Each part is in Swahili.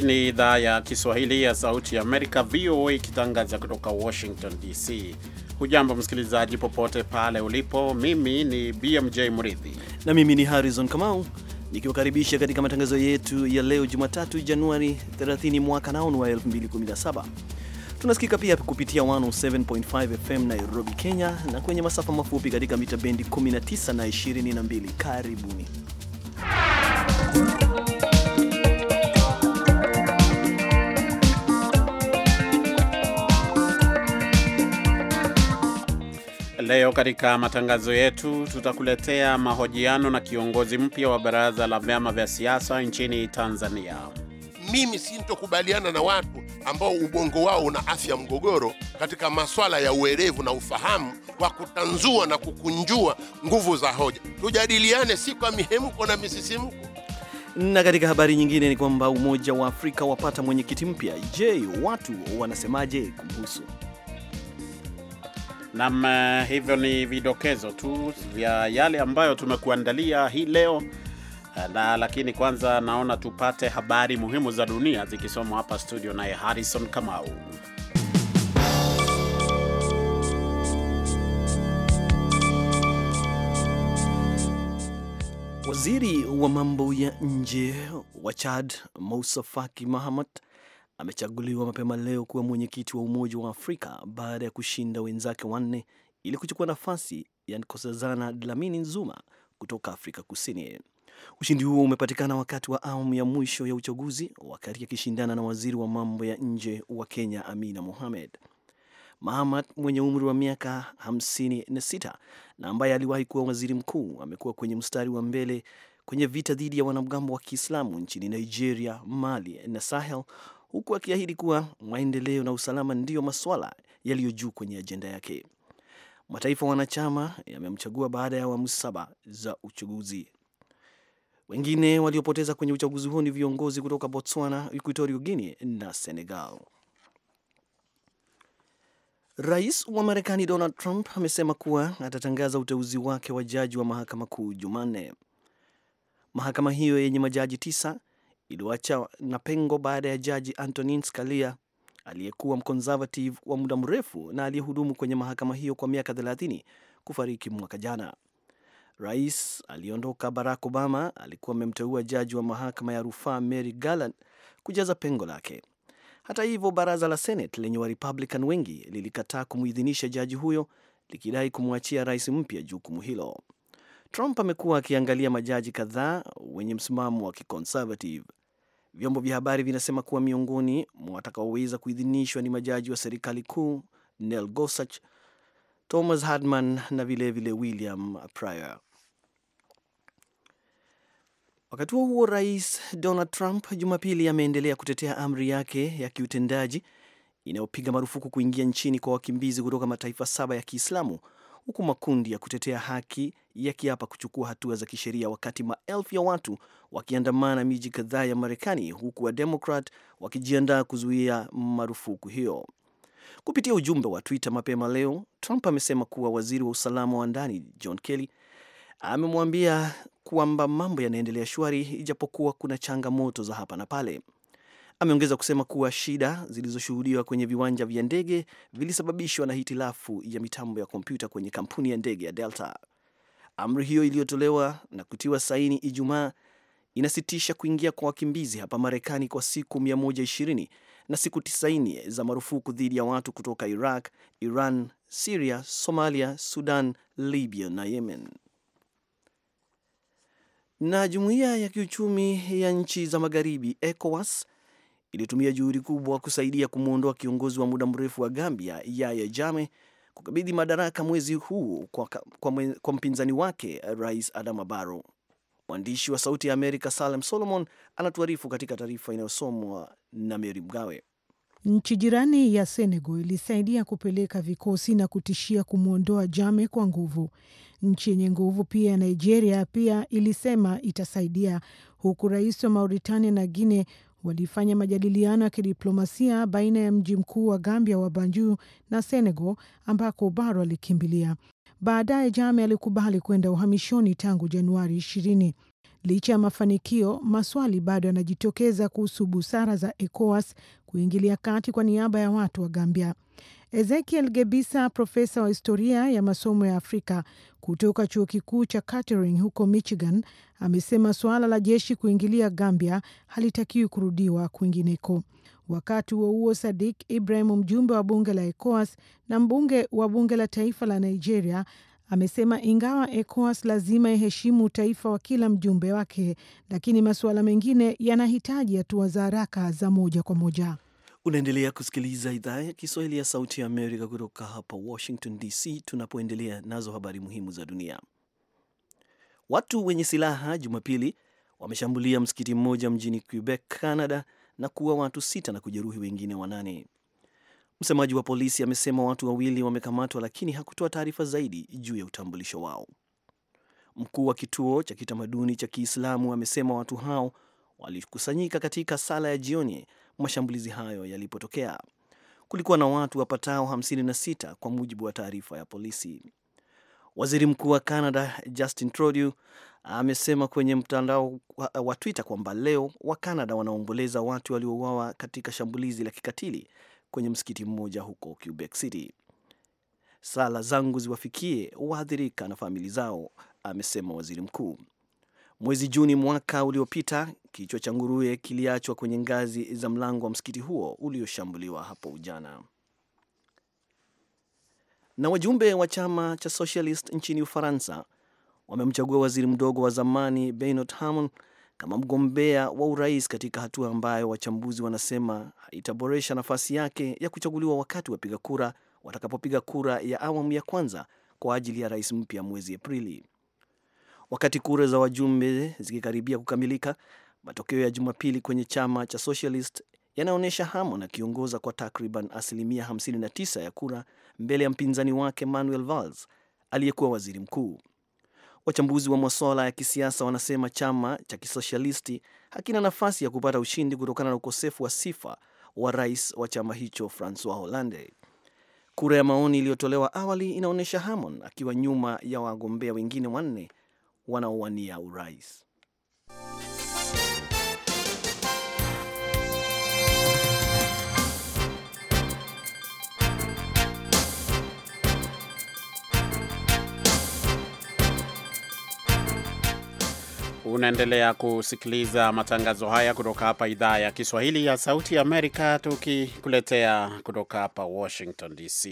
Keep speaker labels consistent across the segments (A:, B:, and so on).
A: Hii ni idhaa ya Kiswahili ya Sauti ya Amerika, VOA, ikitangaza kutoka Washington DC. Hujambo msikilizaji,
B: popote pale ulipo. Mimi ni BMJ Mridhi na mimi ni Harrison Kamau nikiwakaribisha katika matangazo yetu ya leo Jumatatu, Januari 30 mwaka naonu wa 2017. Tunasikika pia kupitia 107.5 FM Nairobi, Kenya, na kwenye masafa mafupi katika mita bendi 19 na 22. Karibuni
A: Leo katika matangazo yetu tutakuletea mahojiano na kiongozi mpya wa baraza la vyama vya siasa nchini Tanzania.
C: Mimi sintokubaliana na watu ambao ubongo wao una afya mgogoro katika maswala ya uerevu na ufahamu wa kutanzua na kukunjua nguvu za hoja. Tujadiliane, si kwa mihemko na misisimko.
B: Na katika habari nyingine ni kwamba Umoja wa Afrika wapata mwenyekiti mpya. Je, watu wanasemaje kumhusu?
A: Nam, eh, hivyo ni vidokezo tu vya yale ambayo tumekuandalia hii leo eh, na, lakini kwanza naona tupate habari muhimu za dunia zikisomwa hapa studio naye Harrison Kamau.
B: Waziri wa mambo ya nje wa Chad Moussa Faki Mahamat amechaguliwa mapema leo kuwa mwenyekiti wa Umoja wa Afrika baada ya kushinda wenzake wanne ili kuchukua nafasi ya Nkosazana Dlamini Nzuma kutoka Afrika Kusini. Ushindi huo umepatikana wakati wa awamu ya mwisho ya uchaguzi, wakati akishindana na waziri wa mambo ya nje wa Kenya Amina Mohamed. Mahamat mwenye umri wa miaka 56 na ambaye aliwahi kuwa waziri mkuu amekuwa kwenye mstari wa mbele kwenye vita dhidi ya wanamgambo wa Kiislamu nchini Nigeria, Mali na Sahel, huku akiahidi kuwa maendeleo na usalama ndiyo maswala yaliyo juu kwenye ajenda yake. Mataifa wanachama yamemchagua baada ya awamu saba za uchaguzi. Wengine waliopoteza kwenye uchaguzi huo ni viongozi kutoka Botswana, Equatorio Guinea na Senegal. Rais wa Marekani Donald Trump amesema kuwa atatangaza uteuzi wake wa jaji wa mahakama kuu Jumanne. Mahakama hiyo yenye majaji tisa iliwacha na pengo baada ya jaji Antonin Scalia aliyekuwa mkonservative wa muda mrefu na aliyehudumu kwenye mahakama hiyo kwa miaka 30 kufariki mwaka jana. Rais aliyeondoka Barack Obama alikuwa amemteua jaji wa mahakama ya rufaa Mary Garland kujaza pengo lake. Hata hivyo, baraza la Senate lenye Warepublican wengi lilikataa kumuidhinisha jaji huyo likidai kumwachia rais mpya jukumu hilo. Trump amekuwa akiangalia majaji kadhaa wenye msimamo wa kiconservative Vyombo vya habari vinasema kuwa miongoni mwa watakaoweza kuidhinishwa ni majaji wa serikali kuu Neil Gorsuch, Thomas Hardman na vilevile vile William Pryor. Wakati huo huo, Rais Donald Trump Jumapili ameendelea kutetea amri yake ya kiutendaji inayopiga marufuku kuingia nchini kwa wakimbizi kutoka mataifa saba ya Kiislamu huku makundi ya kutetea haki yakiapa kuchukua hatua za kisheria, wakati maelfu ya watu wakiandamana miji kadhaa ya Marekani, huku Wademokrat wakijiandaa kuzuia marufuku hiyo. Kupitia ujumbe wa Twitter mapema leo, Trump amesema kuwa waziri wa usalama wa ndani John Kelly amemwambia kwamba mambo yanaendelea shwari, ijapokuwa kuna changamoto za hapa na pale. Ameongeza kusema kuwa shida zilizoshuhudiwa kwenye viwanja vya ndege vilisababishwa na hitilafu ya mitambo ya kompyuta kwenye kampuni ya ndege ya Delta. Amri hiyo iliyotolewa na kutiwa saini Ijumaa inasitisha kuingia kwa wakimbizi hapa Marekani kwa siku 120 na siku 90 za marufuku dhidi ya watu kutoka Iraq, Iran, Siria, Somalia, Sudan, Libya na Yemen. Na jumuiya ya kiuchumi ya nchi za magharibi ECOWAS ilitumia juhudi kubwa kusaidia kumwondoa kiongozi wa muda mrefu wa Gambia yaya jame kukabidhi madaraka mwezi huu kwa, kwa, kwa mpinzani wake Rais Adama Baro. Mwandishi wa Sauti ya Amerika Salem Solomon anatuarifu katika taarifa inayosomwa na Meri Mgawe.
D: Nchi jirani ya Senegal ilisaidia kupeleka vikosi na kutishia kumwondoa Jame kwa nguvu. Nchi yenye nguvu pia ya Nigeria pia ilisema itasaidia, huku rais wa Mauritania na Guine walifanya majadiliano ya kidiplomasia baina ya mji mkuu wa Gambia wa Banjul na Senegal ambako Barrow alikimbilia. Baadaye Jame alikubali kwenda uhamishoni tangu Januari ishirini. Licha ya mafanikio, maswali bado yanajitokeza kuhusu busara za ECOWAS kuingilia kati kwa niaba ya watu wa Gambia. Ezekiel Gebisa, profesa wa historia ya masomo ya Afrika kutoka chuo kikuu cha Kettering huko Michigan, amesema suala la jeshi kuingilia Gambia halitakiwi kurudiwa kwingineko. Wakati huo huo, Sadik Ibrahim, mjumbe wa bunge la ECOWAS na mbunge wa bunge la taifa la Nigeria, Amesema ingawa ECOWAS lazima iheshimu utaifa wa kila mjumbe wake, lakini masuala mengine yanahitaji hatua za haraka za moja kwa moja.
B: Unaendelea kusikiliza idhaa ya Kiswahili ya Sauti ya Amerika kutoka hapa Washington DC, tunapoendelea nazo habari muhimu za dunia. Watu wenye silaha Jumapili wameshambulia msikiti mmoja mjini Quebec, Canada, na kuua watu sita na kujeruhi wengine wanane. Msemaji wa polisi amesema watu wawili wamekamatwa, lakini hakutoa taarifa zaidi juu ya utambulisho wao. Mkuu wa kituo cha kitamaduni cha Kiislamu amesema watu hao walikusanyika katika sala ya jioni mashambulizi hayo yalipotokea. Kulikuwa na watu wapatao 56 kwa mujibu wa taarifa ya polisi. Waziri Mkuu wa Canada Justin Trudeau amesema kwenye mtandao wa Twitter kwamba leo wa canada wanaomboleza watu waliouawa katika shambulizi la kikatili kwenye msikiti mmoja huko Quebec City. Sala zangu ziwafikie waathirika na famili zao, amesema waziri mkuu. Mwezi Juni mwaka uliopita, kichwa cha nguruwe kiliachwa kwenye ngazi za mlango wa msikiti huo ulioshambuliwa hapo ujana Na wajumbe wa chama cha Socialist nchini Ufaransa wamemchagua waziri mdogo wa zamani Bernard Hamon kama mgombea wa urais katika hatua ambayo wachambuzi wanasema itaboresha nafasi yake ya kuchaguliwa wakati wapiga kura watakapopiga kura ya awamu ya kwanza kwa ajili ya rais mpya mwezi Aprili. Wakati kura za wajumbe zikikaribia kukamilika, matokeo ya Jumapili kwenye chama cha Socialist yanaonyesha Hamon akiongoza kwa takriban asilimia 59 ya kura mbele ya mpinzani wake Manuel Valls aliyekuwa waziri mkuu. Wachambuzi wa masuala ya kisiasa wanasema chama cha kisosialisti hakina nafasi ya kupata ushindi kutokana na ukosefu wa sifa wa rais wa chama hicho Francois Hollande. Kura ya maoni iliyotolewa awali inaonyesha Hamon akiwa nyuma ya wagombea wengine wanne wanaowania urais.
A: Unaendelea kusikiliza matangazo haya kutoka hapa idhaa ya Kiswahili ya Sauti ya Amerika, tukikuletea kutoka hapa Washington DC.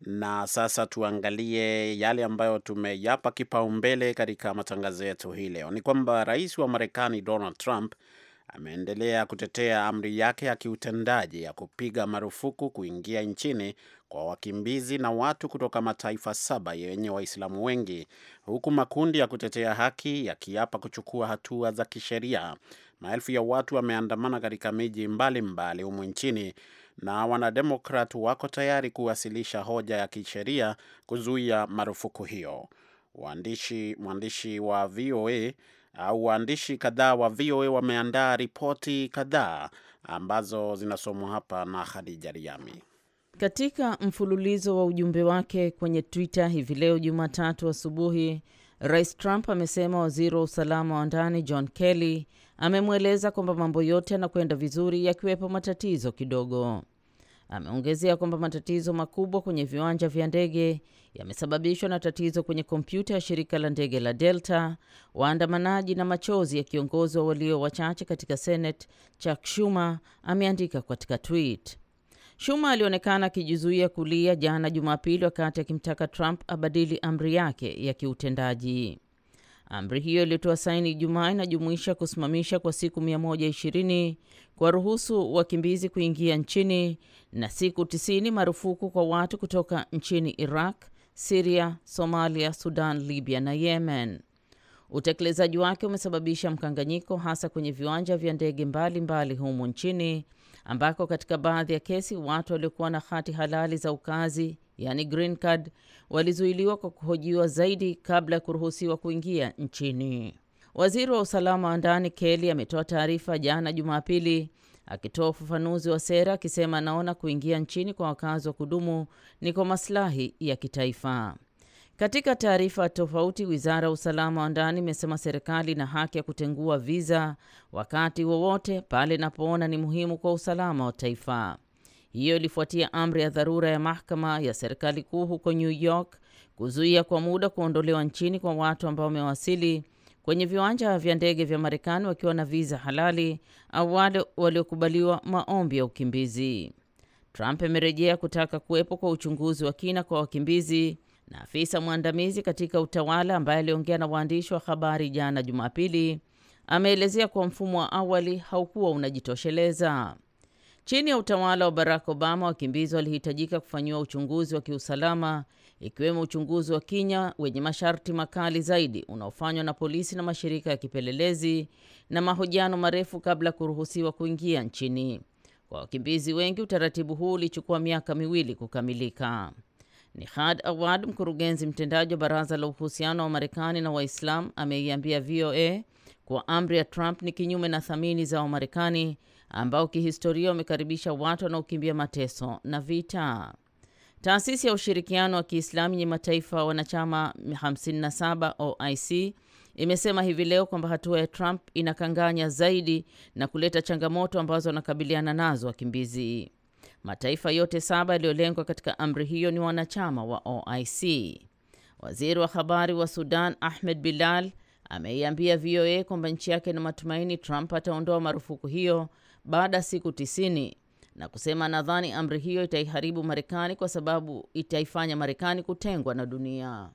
A: Na sasa tuangalie yale ambayo tumeyapa kipaumbele katika matangazo yetu hii leo. Ni kwamba rais wa Marekani Donald Trump ameendelea kutetea amri yake ya kiutendaji ya kupiga marufuku kuingia nchini kwa wakimbizi na watu kutoka mataifa saba yenye Waislamu wengi, huku makundi ya kutetea haki yakiapa kuchukua hatua za kisheria. Maelfu ya watu wameandamana katika miji mbalimbali humu nchini na wanademokrat wako tayari kuwasilisha hoja ya kisheria kuzuia marufuku hiyo. Waandishi mwandishi wa VOA au waandishi kadhaa wa VOA wameandaa ripoti kadhaa ambazo zinasomwa hapa na Khadija Riami.
E: Katika mfululizo wa ujumbe wake kwenye Twitter hivi leo Jumatatu asubuhi, Rais Trump amesema waziri wa usalama wa ndani John Kelly amemweleza kwamba mambo yote yanakwenda vizuri, yakiwepo matatizo kidogo. Ameongezea kwamba matatizo makubwa kwenye viwanja vya ndege yamesababishwa na tatizo kwenye kompyuta ya shirika la ndege la Delta, waandamanaji na machozi ya kiongozi wa walio wachache katika Senate Chuck Schumer, ameandika katika tweet. Shuma alionekana akijizuia kulia jana Jumapili wakati akimtaka Trump abadili amri yake ya kiutendaji. Amri hiyo iliyotoa saini Ijumaa inajumuisha kusimamisha kwa siku 120 kwa ruhusu wakimbizi kuingia nchini na siku 90 marufuku kwa watu kutoka nchini Iraq, Siria, Somalia, Sudan, Libya na Yemen. Utekelezaji wake umesababisha mkanganyiko hasa kwenye viwanja vya ndege mbalimbali humo nchini ambako katika baadhi ya kesi watu waliokuwa na hati halali za ukazi yani green card walizuiliwa kwa kuhojiwa zaidi kabla ya kuruhusiwa kuingia nchini. Waziri wa usalama wa ndani Keli ametoa taarifa jana Jumapili akitoa ufafanuzi wa sera akisema anaona kuingia nchini kwa wakazi wa kudumu ni kwa maslahi ya kitaifa. Katika taarifa tofauti, wizara ya usalama wa ndani imesema serikali ina haki ya kutengua viza wakati wowote pale inapoona ni muhimu kwa usalama wa taifa. Hiyo ilifuatia amri ya dharura ya mahakama ya serikali kuu huko New York kuzuia kwa muda kuondolewa nchini kwa watu ambao wamewasili kwenye viwanja vya ndege vya Marekani wakiwa na viza halali au wale waliokubaliwa maombi ya ukimbizi. Trump amerejea kutaka kuwepo kwa uchunguzi wa kina kwa wakimbizi na afisa mwandamizi katika utawala ambaye aliongea na waandishi wa habari jana Jumapili ameelezea kuwa mfumo wa awali haukuwa unajitosheleza. Chini ya utawala wa Barack Obama, wakimbizi walihitajika kufanyiwa uchunguzi wa kiusalama, ikiwemo uchunguzi wa kinya wenye masharti makali zaidi unaofanywa na polisi na mashirika ya kipelelezi na mahojiano marefu kabla ya kuruhusiwa kuingia nchini. Kwa wakimbizi wengi, utaratibu huu ulichukua miaka miwili kukamilika. Nihad Awad, mkurugenzi mtendaji wa baraza la uhusiano wa Marekani na Waislamu, ameiambia VOA kuwa amri ya Trump ni kinyume na thamani za Wamarekani ambao kihistoria wamekaribisha watu wanaokimbia mateso na vita. Taasisi ya ushirikiano wa Kiislamu yenye mataifa wanachama 57 OIC imesema hivi leo kwamba hatua ya Trump inakanganya zaidi na kuleta changamoto ambazo wanakabiliana nazo wakimbizi. Mataifa yote saba yaliyolengwa katika amri hiyo ni wanachama wa OIC. Waziri wa habari wa Sudan Ahmed Bilal ameiambia VOA kwamba nchi yake na matumaini Trump ataondoa marufuku hiyo baada ya siku tisini na kusema nadhani amri hiyo itaiharibu Marekani kwa sababu itaifanya Marekani kutengwa na dunia.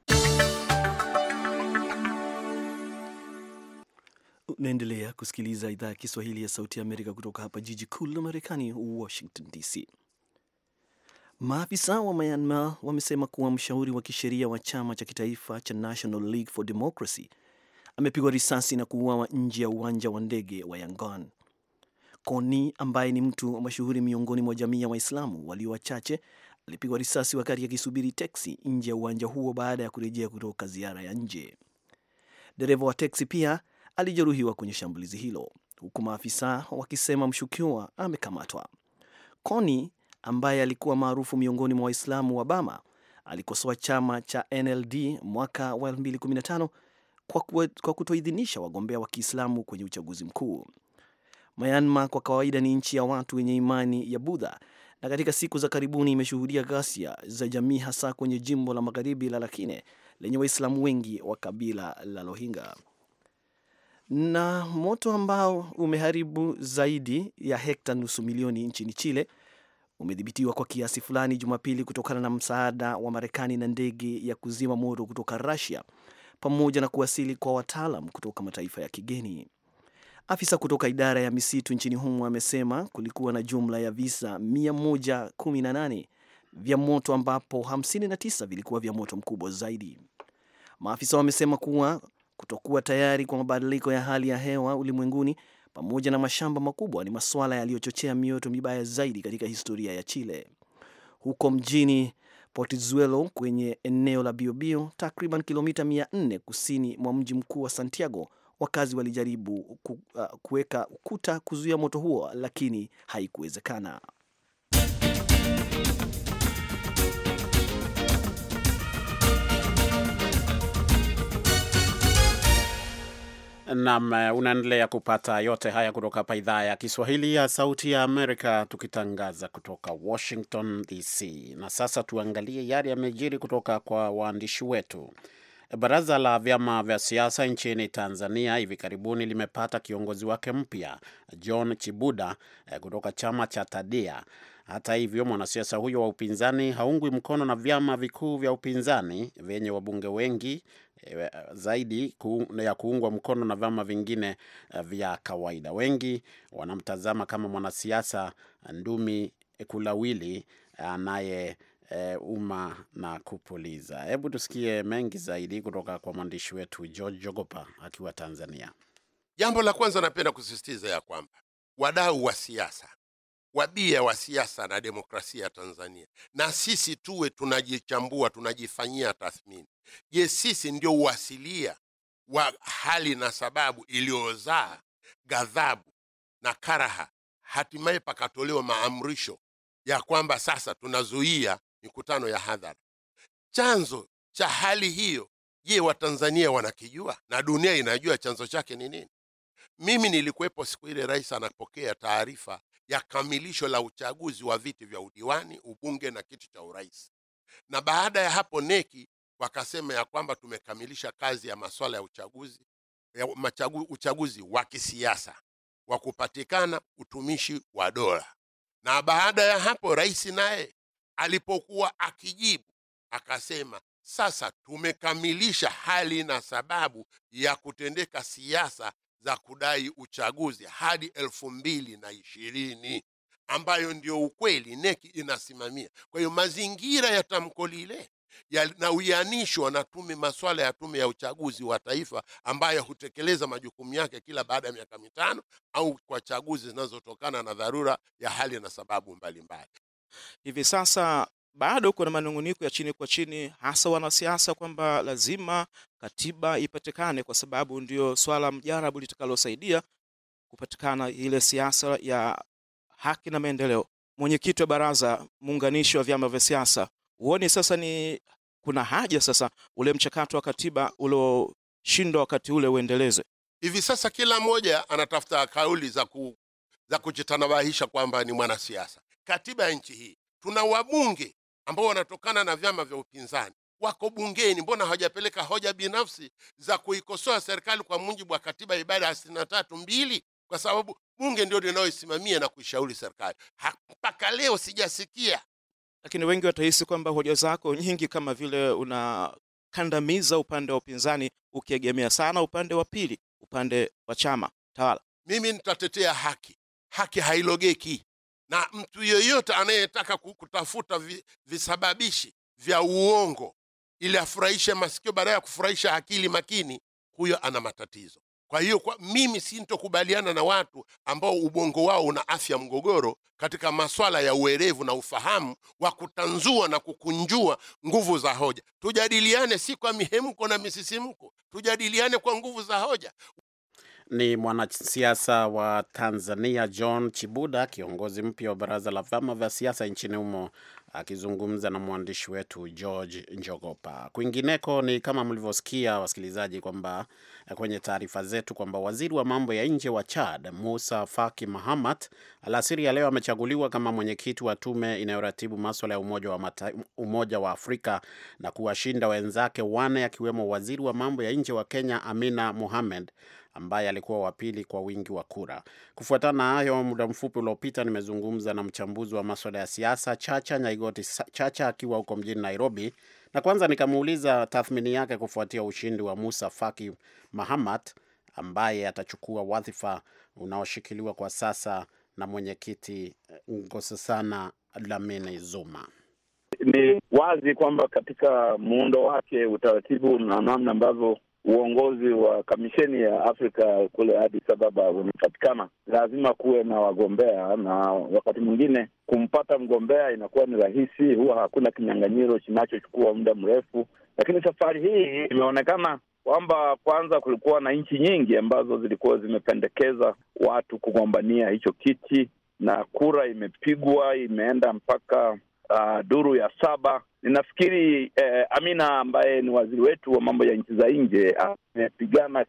B: Unaendelea kusikiliza idhaa ya Kiswahili ya Sauti ya Amerika kutoka hapa jiji kuu la Marekani, Washington DC. Maafisa wa Myanmar wamesema kuwa mshauri wa kisheria wa chama cha kitaifa cha National League for Democracy amepigwa risasi na kuuawa nje ya uwanja wa ndege wa Yangon. Koni ambaye ni mtu mashuhuri miongoni mwa jamii ya Waislamu walio wachache alipigwa risasi wakati akisubiri teksi nje ya uwanja huo baada ya kurejea kutoka ziara ya nje. Dereva wa teksi pia alijeruhiwa kwenye shambulizi hilo, huku maafisa wakisema mshukiwa amekamatwa. Koni ambaye alikuwa maarufu miongoni mwa Waislamu wa Bama alikosoa chama cha NLD mwaka wa 2015 kwa kutoidhinisha wagombea wa Kiislamu kwenye uchaguzi mkuu. Myanmar kwa kawaida ni nchi ya watu wenye imani ya Budha na katika siku za karibuni imeshuhudia ghasia za jamii hasa kwenye jimbo la magharibi la Rakhine lenye Waislamu wengi wa kabila la Rohingya na moto ambao umeharibu zaidi ya hekta nusu milioni nchini Chile umedhibitiwa kwa kiasi fulani Jumapili kutokana na msaada wa Marekani na ndege ya kuzima moto kutoka rasia pamoja na kuwasili kwa wataalam kutoka mataifa ya kigeni. Afisa kutoka idara ya misitu nchini humo amesema kulikuwa na jumla ya visa 118 vya moto ambapo 59 vilikuwa vya moto mkubwa zaidi. Maafisa wamesema kuwa kutokuwa tayari kwa mabadiliko ya hali ya hewa ulimwenguni pamoja na mashamba makubwa ni masuala yaliyochochea mioto mibaya zaidi katika historia ya Chile. Huko mjini Portizuelo kwenye eneo la Biobio, takriban kilomita 400 kusini mwa mji mkuu wa Santiago, wakazi walijaribu uh, kuweka ukuta kuzuia moto huo, lakini haikuwezekana.
A: Nam, eh, unaendelea kupata yote haya kutoka hapa idhaa ya Kiswahili ya Sauti ya Amerika, tukitangaza kutoka Washington DC. Na sasa tuangalie yale yamejiri kutoka kwa waandishi wetu. Baraza la vyama vya siasa nchini Tanzania hivi karibuni limepata kiongozi wake mpya John Chibuda eh, kutoka chama cha Tadia hata hivyo, mwanasiasa huyo wa upinzani haungwi mkono na vyama vikuu vya upinzani vyenye wabunge wengi e, zaidi ku, ya kuungwa mkono na vyama vingine eh, vya kawaida. Wengi wanamtazama kama mwanasiasa eh, ndumi kulawili anaye e, umma na kupuliza. Hebu tusikie mengi zaidi kutoka kwa mwandishi wetu George Jogopa akiwa Tanzania.
C: Jambo la kwanza napenda kusisitiza ya kwamba wadau wa siasa wabia wa siasa na demokrasia Tanzania, na sisi tuwe tunajichambua, tunajifanyia tathmini. Je, sisi ndio uasilia wa hali na sababu iliyozaa ghadhabu na karaha, hatimaye pakatolewa maamrisho ya kwamba sasa tunazuia mikutano ya hadhara? Chanzo cha hali hiyo, je, Watanzania wanakijua na dunia inajua chanzo chake ni nini? Mimi nilikuwepo siku ile rais anapokea taarifa ya kamilisho la uchaguzi wa viti vya udiwani, ubunge na kiti cha urais. Na baada ya hapo neki wakasema ya kwamba tumekamilisha kazi ya masuala ya uchaguzi ya machagu, uchaguzi wa kisiasa wa kupatikana utumishi wa dola. Na baada ya hapo rais naye alipokuwa akijibu akasema sasa tumekamilisha hali na sababu ya kutendeka siasa za kudai uchaguzi hadi elfu mbili na ishirini ambayo ndio ukweli neki inasimamia. Kwa hiyo mazingira ya tamko lile yanawianishwa na tume maswala ya tume ya uchaguzi wa taifa ambayo hutekeleza majukumu yake kila baada ya miaka mitano au kwa chaguzi zinazotokana na dharura ya hali na sababu mbalimbali mbali.
F: Hivi sasa bado kuna manunguniko ya chini kwa chini, hasa wanasiasa, kwamba lazima katiba ipatikane kwa sababu ndio swala mjarabu litakalosaidia kupatikana ile siasa ya haki na maendeleo. Mwenyekiti wa baraza muunganishi wa vyama vya siasa, huoni sasa ni kuna haja sasa ule mchakato wa katiba ulioshindwa wakati ule uendelezwe?
C: Hivi sasa kila mmoja anatafuta kauli za, ku, za kujitanabahisha kwamba ni mwanasiasa. Katiba ya nchi hii tuna wabunge ambao wanatokana na vyama vya upinzani wako bungeni, mbona hawajapeleka hoja binafsi za kuikosoa serikali kwa mujibu wa katiba ibada ya sitini na tatu mbili kwa sababu bunge ndio linayoisimamia na kuishauri serikali. Mpaka leo sijasikia.
F: Lakini wengi watahisi kwamba hoja zako nyingi kama vile unakandamiza upande wa upinzani ukiegemea sana upande wa pili, upande wa chama tawala.
C: Mimi nitatetea haki, haki hailogeki na mtu yeyote anayetaka kutafuta visababishi vya uongo ili afurahishe masikio baada ya kufurahisha akili makini, huyo ana matatizo. Kwa hiyo kwa mimi sintokubaliana na watu ambao ubongo wao una afya mgogoro katika maswala ya uerevu na ufahamu wa kutanzua na kukunjua nguvu za hoja. Tujadiliane si kwa mihemko na misisimko, tujadiliane kwa nguvu za hoja.
A: Ni mwanasiasa wa Tanzania John Chibuda, kiongozi mpya wa baraza la vyama vya siasa nchini humo, akizungumza na mwandishi wetu George Njogopa. Kwingineko ni kama mlivyosikia wasikilizaji, kwamba eh, kwenye taarifa zetu kwamba waziri wa mambo ya nje wa Chad Musa Faki Mahamat alasiri ya leo amechaguliwa kama mwenyekiti wa tume inayoratibu maswala ya Umoja wa, mata, Umoja wa Afrika na kuwashinda wenzake wane akiwemo waziri wa mambo ya nje wa Kenya Amina Mohamed ambaye alikuwa wa pili kwa wingi wa kura. Kufuatana na hayo, muda mfupi uliopita nimezungumza na mchambuzi wa maswala ya siasa Chacha Naigoti Chacha akiwa huko mjini Nairobi, na kwanza nikamuuliza tathmini yake kufuatia ushindi wa Musa Faki Mahamat ambaye atachukua wadhifa unaoshikiliwa kwa sasa na mwenyekiti eh, Nkosazana Dlamini Zuma.
G: Ni wazi kwamba katika muundo wake, utaratibu na namna ambavyo uongozi wa kamisheni ya Afrika kule Addis Ababa unapatikana, lazima kuwe na wagombea, na wakati mwingine kumpata mgombea inakuwa ni rahisi, huwa hakuna kinyang'anyiro kinachochukua muda mrefu. Lakini safari hii imeonekana kwamba kwanza kulikuwa na nchi nyingi ambazo zilikuwa zimependekeza watu kugombania hicho kiti na kura imepigwa, imeenda mpaka uh, duru ya saba. Ninafikiri eh, Amina ambaye ni waziri wetu wa mambo ya nchi za nje amepigana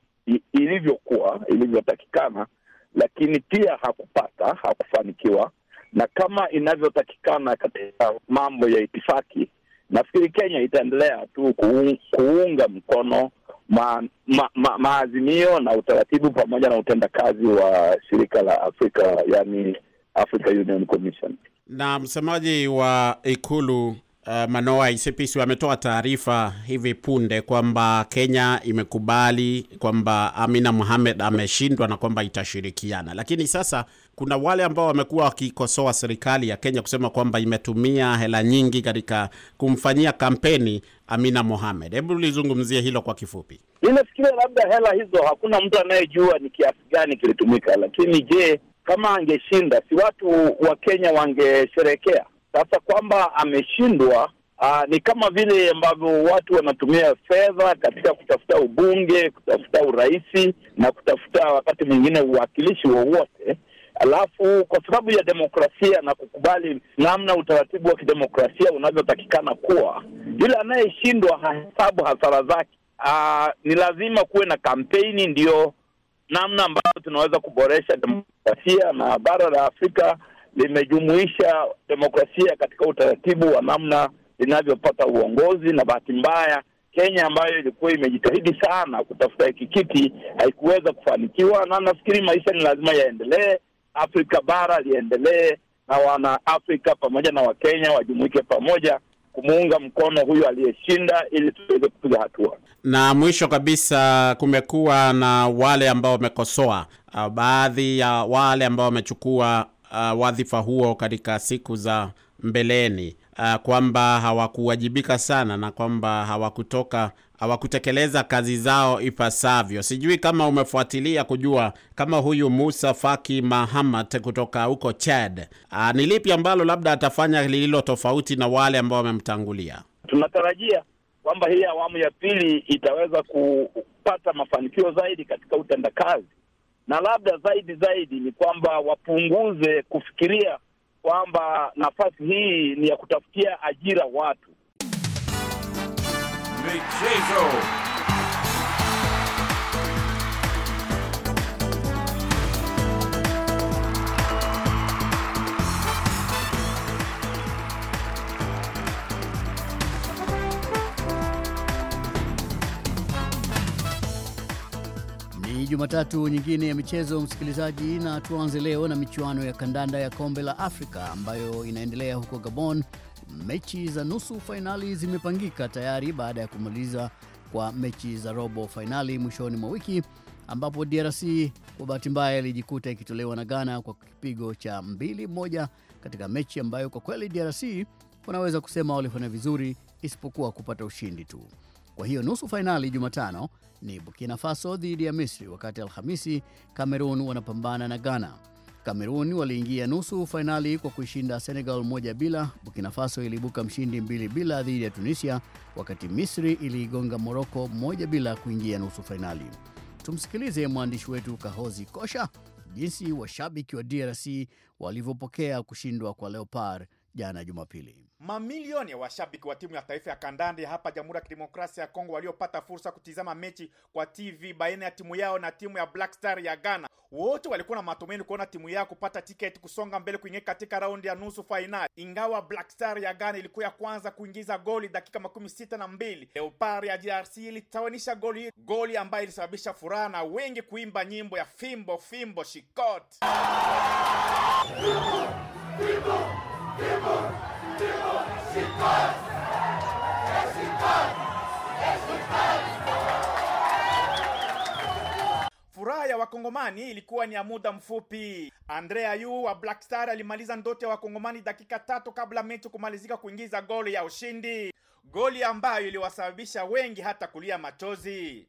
G: ilivyokuwa ilivyotakikana, lakini pia hakupata hakufanikiwa, na kama inavyotakikana katika mambo ya itifaki, nafikiri Kenya itaendelea tu kuunga mkono maazimio ma, ma, ma na utaratibu pamoja na utendakazi wa shirika la Afrika yani Africa Union Commission.
A: Na msemaji wa ikulu Uh, Manoa icpc ametoa taarifa hivi punde kwamba Kenya imekubali kwamba Amina muhamed ameshindwa na kwamba itashirikiana, lakini sasa kuna wale ambao wamekuwa wakikosoa serikali ya Kenya kusema kwamba imetumia hela nyingi katika kumfanyia kampeni Amina Mohamed. Hebu lizungumzie hilo kwa kifupi.
G: Ninafikiria labda hela hizo hakuna mtu anayejua ni kiasi gani kilitumika, lakini je, kama angeshinda, si watu wa Kenya wangesherekea. Sasa kwamba ameshindwa, aa, ah, ni kama vile ambavyo watu wanatumia fedha katika kutafuta ubunge, kutafuta uraisi na kutafuta wakati mwingine uwakilishi wowote Alafu kwa sababu ya demokrasia na kukubali namna utaratibu wa kidemokrasia unavyotakikana kuwa, yule anayeshindwa hahesabu hasara zake. Ah, ni lazima kuwe na kampeni, ndiyo namna ambayo tunaweza kuboresha demokrasia demokrasia na bara la Afrika limejumuisha demokrasia katika utaratibu wa namna linavyopata uongozi, na bahati mbaya Kenya ambayo ilikuwa imejitahidi sana kutafuta hiki kiti haikuweza kufanikiwa, na nafikiri maisha ni lazima yaendelee, Afrika bara liendelee, na wana Afrika pamoja na Wakenya wajumuike pamoja kumuunga mkono huyu aliyeshinda ili tuweze kupiga hatua.
A: Na mwisho kabisa, kumekuwa na wale ambao wamekosoa uh, baadhi ya wale ambao wamechukua uh, wadhifa huo katika siku za mbeleni uh, kwamba hawakuwajibika sana na kwamba hawakutoka hawakutekeleza kazi zao ipasavyo. Sijui kama umefuatilia kujua kama huyu Musa Faki Mahamat kutoka huko Chad, uh, ni lipi ambalo labda atafanya lililo tofauti na wale ambao wamemtangulia?
G: Tunatarajia kwamba hii awamu ya pili itaweza kupata mafanikio zaidi katika utendakazi na labda zaidi zaidi ni kwamba wapunguze kufikiria kwamba nafasi hii ni ya kutafutia ajira watu.
C: Michezo.
H: Jumatatu nyingine ya michezo, msikilizaji, na tuanze leo na michuano ya kandanda ya kombe la Afrika ambayo inaendelea huko Gabon. Mechi za nusu fainali zimepangika tayari baada ya kumaliza kwa mechi za robo fainali mwishoni mwa wiki ambapo DRC kwa bahati mbaya ilijikuta ikitolewa na Ghana kwa kipigo cha mbili moja katika mechi ambayo kwa kweli DRC wanaweza kusema walifanya vizuri isipokuwa kupata ushindi tu. Kwa hiyo nusu fainali Jumatano ni Burkina Faso dhidi ya Misri, wakati Alhamisi Kamerun wanapambana na Ghana. Kamerun waliingia nusu fainali kwa kuishinda Senegal moja bila. Burkina Faso iliibuka mshindi mbili bila dhidi ya Tunisia, wakati Misri iliigonga Moroko moja bila kuingia nusu fainali. Tumsikilize mwandishi wetu Kahozi Kosha jinsi washabiki wa DRC walivyopokea kushindwa kwa Leopard jana Jumapili.
F: Mamilioni ya washabiki wa timu ya taifa ya kandanda hapa Jamhuri ya Kidemokrasia ya Kongo waliopata fursa kutizama mechi kwa TV baina ya timu yao na timu ya Black Star ya Ghana, wote walikuwa na matumaini kuona timu yao kupata tiketi kusonga mbele kuingia katika raundi ya nusu fainali, ingawa Black Star ya Ghana ilikuwa ya kwanza kuingiza goli dakika makumi sita na mbili. Leopard ya DRC ilitawanisha goli hili, goli ambayo ilisababisha furaha na wengi kuimba nyimbo ya fimbo fimbo shikot fimbo, fimbo. Furaha ya wakongomani ilikuwa ni ya muda mfupi. Andrea Yu wa Black Star alimaliza ndoto ya wakongomani dakika tatu kabla mechi kumalizika kuingiza goli ya ushindi, goli ambayo iliwasababisha wengi hata kulia machozi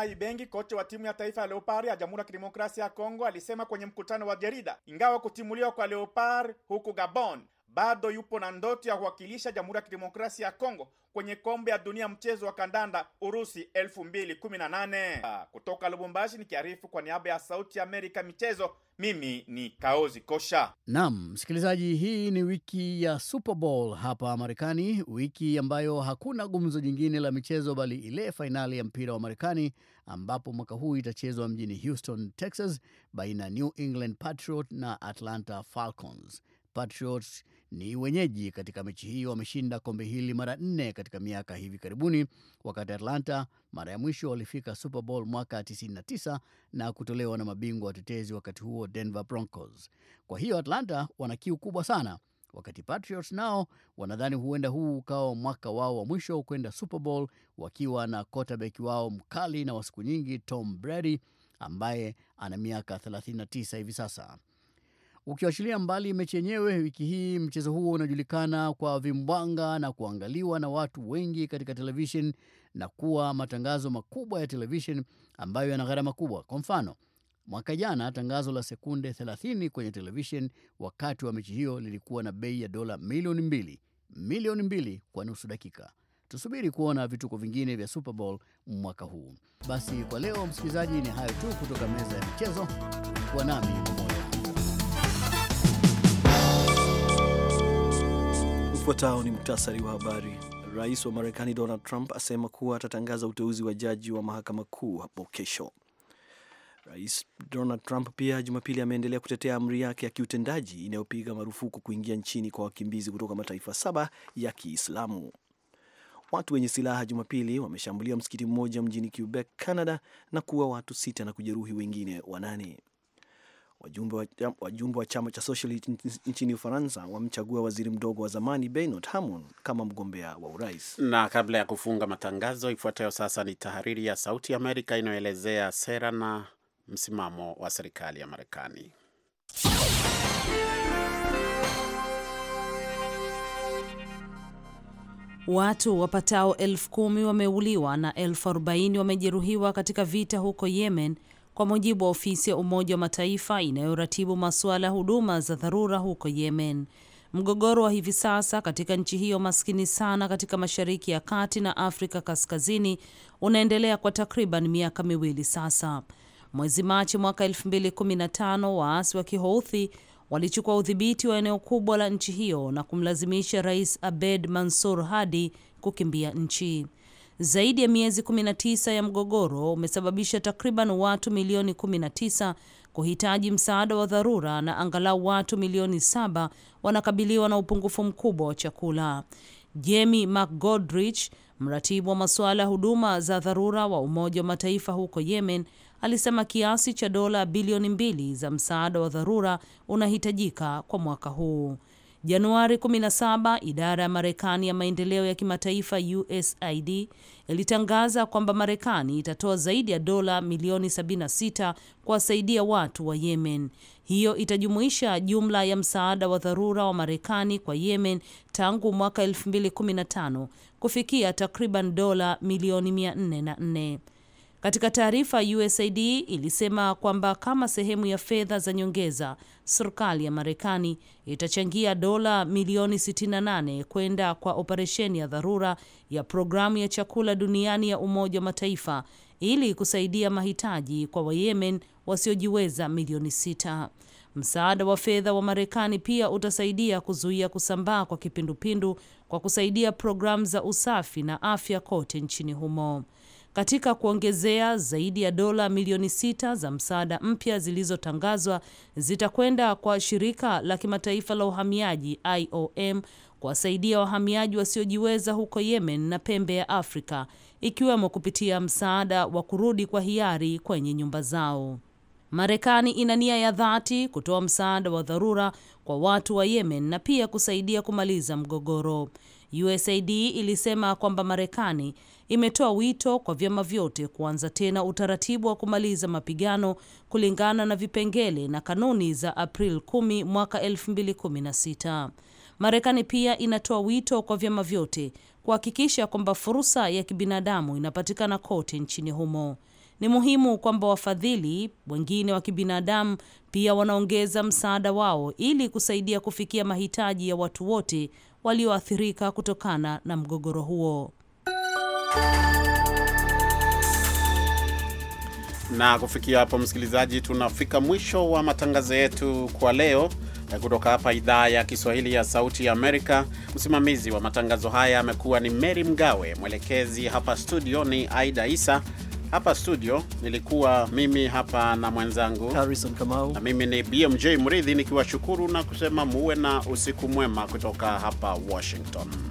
F: Mai Bengi, kocha wa timu ya taifa ya Leopard ya Jamhuri ya Kidemokrasia ya Kongo, alisema kwenye mkutano wa jarida, ingawa kutimuliwa kwa Leopard huku Gabon bado yupo na ndoto ya kuwakilisha Jamhuri ya Kidemokrasia ya Kongo kwenye kombe ya dunia mchezo wa kandanda Urusi 2018. Kutoka Lubumbashi nikiarifu kwa niaba ya Sauti ya Amerika michezo, mimi ni Kaozi Kosha.
H: Naam, msikilizaji, hii ni wiki ya Super Bowl hapa Marekani, wiki ambayo hakuna gumzo jingine la michezo bali ile fainali ya mpira wa Marekani ambapo mwaka huu itachezwa mjini Houston, Texas baina ya New England Patriot na Atlanta Falcons. Patriots ni wenyeji katika mechi hii. Wameshinda kombe hili mara nne katika miaka hivi karibuni, wakati Atlanta mara ya mwisho walifika Super Bowl mwaka 99 na kutolewa na mabingwa watetezi wakati huo Denver Broncos. Kwa hiyo Atlanta wana kiu kubwa sana, wakati Patriots nao wanadhani huenda huu ukawa mwaka wao wa mwisho kwenda Super Bowl wakiwa na quarterback wao mkali na wa siku nyingi Tom Brady ambaye ana miaka 39 hivi sasa ukiwashilia mbali mechi yenyewe, wiki hii mchezo huo unajulikana kwa vimbwanga na kuangaliwa na watu wengi katika televishen na kuwa matangazo makubwa ya televishen ambayo yana gharama kubwa. Kwa mfano, mwaka jana tangazo la sekunde 30 kwenye televishen wakati wa mechi hiyo lilikuwa na bei ya dola milioni mbili, milioni mbili kwa nusu dakika. Tusubiri kuona vituko vingine vya Super Bowl mwaka huu. Basi kwa leo, msikilizaji, ni hayo tu kutoka meza ya michezo. Kuwa nami pamoja.
B: Ufuatao ni muktasari wa habari. Rais wa Marekani Donald Trump asema kuwa atatangaza uteuzi wa jaji wa mahakama kuu hapo kesho. Rais Donald Trump pia Jumapili ameendelea kutetea amri yake ya kiutendaji inayopiga marufuku kuingia nchini kwa wakimbizi kutoka mataifa saba ya Kiislamu. Watu wenye silaha Jumapili wameshambulia msikiti mmoja mjini Quebec, Canada na kuua watu sita na kujeruhi wengine wanane. Wajumbe wa, wajumbe wa chama cha Socialist nchini Ufaransa wamchagua waziri mdogo wa zamani Bernard Hamon kama mgombea wa urais.
A: Na kabla ya kufunga matangazo, ifuatayo sasa ni tahariri ya Sauti Amerika inayoelezea sera na msimamo wa serikali ya Marekani.
I: Watu wapatao elfu kumi wameuliwa na elfu arobaini wamejeruhiwa katika vita huko Yemen kwa mujibu wa ofisi ya Umoja wa Mataifa inayoratibu masuala ya huduma za dharura huko Yemen. Mgogoro wa hivi sasa katika nchi hiyo maskini sana katika Mashariki ya Kati na Afrika Kaskazini unaendelea kwa takriban miaka miwili sasa. Mwezi Machi mwaka 2015 waasi wa Kihouthi walichukua udhibiti wa eneo kubwa la nchi hiyo na kumlazimisha Rais Abed Mansur Hadi kukimbia nchi. Zaidi ya miezi 19 ya mgogoro umesababisha takriban watu milioni 19 kuhitaji msaada wa dharura na angalau watu milioni saba wanakabiliwa na upungufu mkubwa wa chakula. Jamie McGodrich, mratibu wa masuala ya huduma za dharura wa Umoja wa Mataifa huko Yemen, alisema kiasi cha dola bilioni mbili za msaada wa dharura unahitajika kwa mwaka huu. Januari 17, idara ya Marekani ya maendeleo ya kimataifa USAID ilitangaza kwamba Marekani itatoa zaidi ya dola milioni 76 kuwasaidia watu wa Yemen. Hiyo itajumuisha jumla ya msaada wa dharura wa Marekani kwa Yemen tangu mwaka 2015 kufikia takriban dola milioni 404. Katika taarifa, USAID ilisema kwamba kama sehemu ya fedha za nyongeza, serikali ya Marekani itachangia dola milioni 68 kwenda kwa operesheni ya dharura ya programu ya chakula duniani ya Umoja wa Mataifa ili kusaidia mahitaji kwa Wayemen wasiojiweza milioni sita. Msaada wa fedha wa Marekani pia utasaidia kuzuia kusambaa kwa kipindupindu kwa kusaidia programu za usafi na afya kote nchini humo katika kuongezea zaidi ya dola milioni sita za msaada mpya zilizotangazwa zitakwenda kwa shirika la kimataifa la uhamiaji IOM kuwasaidia wahamiaji wasiojiweza huko Yemen na pembe ya Afrika ikiwemo kupitia msaada wa kurudi kwa hiari kwenye nyumba zao. Marekani ina nia ya dhati kutoa msaada wa dharura kwa watu wa Yemen na pia kusaidia kumaliza mgogoro. USAID ilisema kwamba Marekani imetoa wito kwa vyama vyote kuanza tena utaratibu wa kumaliza mapigano kulingana na vipengele na kanuni za April 10 mwaka 2016. Marekani pia inatoa wito kwa vyama vyote kuhakikisha kwamba fursa ya kibinadamu inapatikana kote nchini humo. Ni muhimu kwamba wafadhili wengine wa kibinadamu pia wanaongeza msaada wao ili kusaidia kufikia mahitaji ya watu wote walioathirika kutokana na mgogoro huo.
A: Na kufikia hapo, msikilizaji, tunafika mwisho wa matangazo yetu kwa leo eh, kutoka hapa idhaa ya Kiswahili ya Sauti ya Amerika. Msimamizi wa matangazo haya amekuwa ni Mary Mgawe, mwelekezi hapa studio ni Aida Isa. Hapa studio nilikuwa mimi hapa na mwenzangu Harrison Kamau, na mimi ni BMJ Mridhi nikiwashukuru na kusema muwe na usiku mwema kutoka hapa Washington.